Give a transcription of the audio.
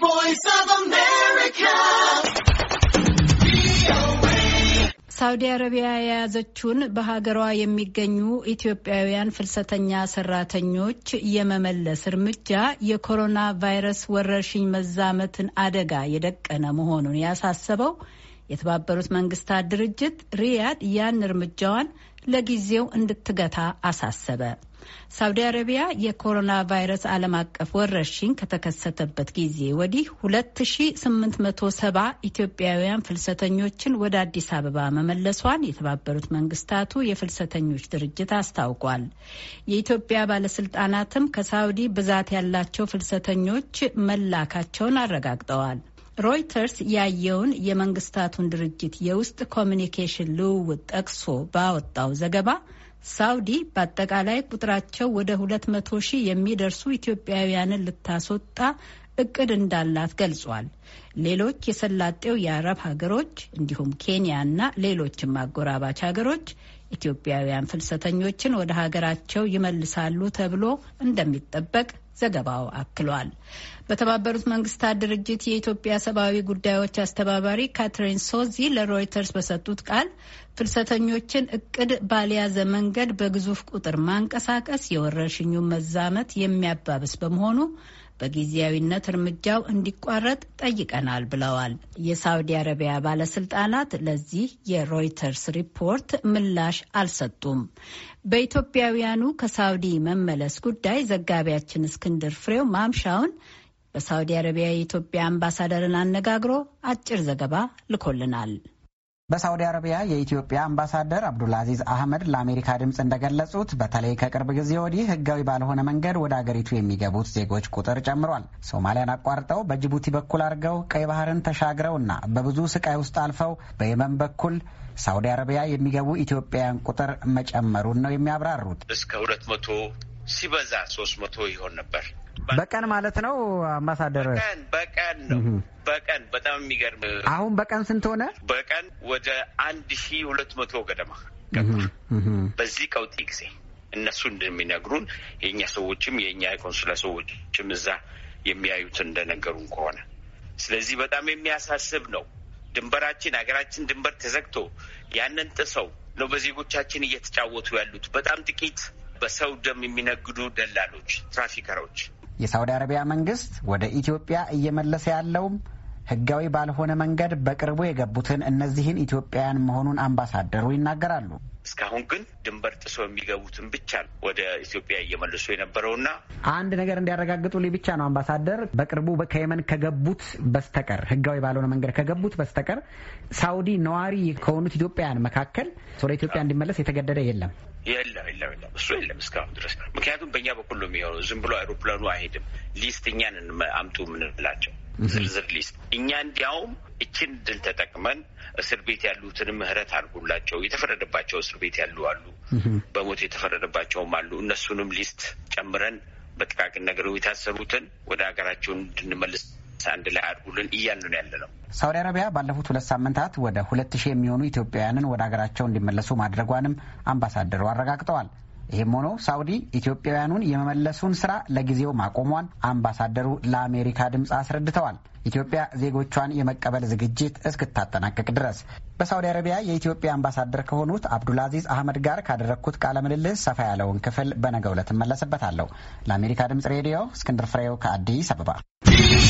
Voice of America. ሳውዲ አረቢያ የያዘችውን በሀገሯ የሚገኙ ኢትዮጵያውያን ፍልሰተኛ ሰራተኞች የመመለስ እርምጃ የኮሮና ቫይረስ ወረርሽኝ መዛመትን አደጋ የደቀነ መሆኑን ያሳሰበው የተባበሩት መንግስታት ድርጅት ሪያድ ያን እርምጃዋን ለጊዜው እንድትገታ አሳሰበ። ሳውዲ አረቢያ የኮሮና ቫይረስ ዓለም አቀፍ ወረርሽኝ ከተከሰተበት ጊዜ ወዲህ ሰባ ኢትዮጵያውያን ፍልሰተኞችን ወደ አዲስ አበባ መመለሷን የተባበሩት መንግስታቱ የፍልሰተኞች ድርጅት አስታውቋል። የኢትዮጵያ ባለስልጣናትም ከሳውዲ ብዛት ያላቸው ፍልሰተኞች መላካቸውን አረጋግጠዋል። ሮይተርስ ያየውን የመንግስታቱን ድርጅት የውስጥ ኮሚኒኬሽን ልውውጥ ጠቅሶ ባወጣው ዘገባ ሳውዲ በአጠቃላይ ቁጥራቸው ወደ ሁለት መቶ ሺህ የሚደርሱ ኢትዮጵያውያንን ልታስወጣ እቅድ እንዳላት ገልጿል። ሌሎች የሰላጤው የአረብ ሀገሮች እንዲሁም ኬንያ እና ሌሎችም አጎራባች ሀገሮች ኢትዮጵያውያን ፍልሰተኞችን ወደ ሀገራቸው ይመልሳሉ ተብሎ እንደሚጠበቅ ዘገባው አክሏል። በተባበሩት መንግስታት ድርጅት የኢትዮጵያ ሰብአዊ ጉዳዮች አስተባባሪ ካትሪን ሶዚ ለሮይተርስ በሰጡት ቃል ፍልሰተኞችን እቅድ ባልያዘ መንገድ በግዙፍ ቁጥር ማንቀሳቀስ የወረርሽኙ መዛመት የሚያባብስ በመሆኑ በጊዜያዊነት እርምጃው እንዲቋረጥ ጠይቀናል ብለዋል። የሳውዲ አረቢያ ባለስልጣናት ለዚህ የሮይተርስ ሪፖርት ምላሽ አልሰጡም። በኢትዮጵያውያኑ ከሳውዲ መመለስ ጉዳይ ዘጋቢያችን እስክንድር ፍሬው ማምሻውን በሳውዲ አረቢያ የኢትዮጵያ አምባሳደርን አነጋግሮ አጭር ዘገባ ልኮልናል። በሳውዲ አረቢያ የኢትዮጵያ አምባሳደር አብዱልአዚዝ አህመድ ለአሜሪካ ድምፅ እንደገለጹት በተለይ ከቅርብ ጊዜ ወዲህ ህጋዊ ባልሆነ መንገድ ወደ አገሪቱ የሚገቡት ዜጎች ቁጥር ጨምሯል። ሶማሊያን አቋርጠው በጅቡቲ በኩል አድርገው ቀይ ባህርን ተሻግረውና በብዙ ስቃይ ውስጥ አልፈው በየመን በኩል ሳውዲ አረቢያ የሚገቡ ኢትዮጵያውያን ቁጥር መጨመሩን ነው የሚያብራሩት። እስከ ሁለት መቶ ሲበዛ ሶስት መቶ ይሆን ነበር በቀን ማለት ነው አምባሳደር? በቀን በቀን ነው በቀን በጣም የሚገርም አሁን በቀን ስንት ሆነ? በቀን ወደ አንድ ሺ ሁለት መቶ ገደማ ገባ በዚህ ቀውጢ ጊዜ እነሱ እንደሚነግሩን የእኛ ሰዎችም የእኛ የኮንስላ ሰዎችም እዛ የሚያዩት እንደነገሩን ከሆነ ስለዚህ በጣም የሚያሳስብ ነው። ድንበራችን ሀገራችን ድንበር ተዘግቶ ያንን ጥሰው ነው በዜጎቻችን እየተጫወቱ ያሉት በጣም ጥቂት በሰው ደም የሚነግዱ ደላሎች፣ ትራፊከሮች የሳውዲ አረቢያ መንግስት ወደ ኢትዮጵያ እየመለሰ ያለውም ህጋዊ ባልሆነ መንገድ በቅርቡ የገቡትን እነዚህን ኢትዮጵያውያን መሆኑን አምባሳደሩ ይናገራሉ። እስካሁን ግን ድንበር ጥሶ የሚገቡትን ብቻ ወደ ኢትዮጵያ እየመልሱ የነበረውና አንድ ነገር እንዲያረጋግጡልኝ ብቻ ነው አምባሳደር። በቅርቡ ከየመን ከገቡት በስተቀር ህጋዊ ባልሆነ መንገድ ከገቡት በስተቀር ሳውዲ ነዋሪ ከሆኑት ኢትዮጵያውያን መካከል ወደ ኢትዮጵያ እንዲመለስ የተገደደ የለም። የለም የለም የለም፣ እሱ የለም እስካሁን ድረስ። ምክንያቱም በእኛ በኩል ነው የሚሆነው። ዝም ብሎ አይሮፕላኑ አይሄድም። ሊስት እኛን አምጡ የምንላቸው ዝርዝር ሊስት እኛ እንዲያውም እችን ድል ተጠቅመን እስር ቤት ያሉትን ምህረት አድርጉላቸው። የተፈረደባቸው እስር ቤት ያሉ አሉ፣ በሞት የተፈረደባቸውም አሉ። እነሱንም ሊስት ጨምረን በጥቃቅን ነገር የታሰሩትን ወደ ሀገራቸውን እንድንመልስ ሳምንት አንድ ላይ አድጉልን ነው ያለ ነው። ሳውዲ አረቢያ ባለፉት ሁለት ሳምንታት ወደ ሁለት ሺህ የሚሆኑ ኢትዮጵያውያንን ወደ ሀገራቸው እንዲመለሱ ማድረጓንም አምባሳደሩ አረጋግጠዋል። ይህም ሆኖ ሳውዲ ኢትዮጵያውያኑን የመመለሱን ስራ ለጊዜው ማቆሟን አምባሳደሩ ለአሜሪካ ድምፅ አስረድተዋል። ኢትዮጵያ ዜጎቿን የመቀበል ዝግጅት እስክታጠናቀቅ ድረስ በሳውዲ አረቢያ የኢትዮጵያ አምባሳደር ከሆኑት አብዱልአዚዝ አህመድ ጋር ካደረግኩት ቃለ ምልልስ ሰፋ ያለውን ክፍል በነገው ዕለት እመለስበታለሁ። ለአሜሪካ ድምፅ ሬዲዮ እስክንድር ፍሬው ከአዲስ አበባ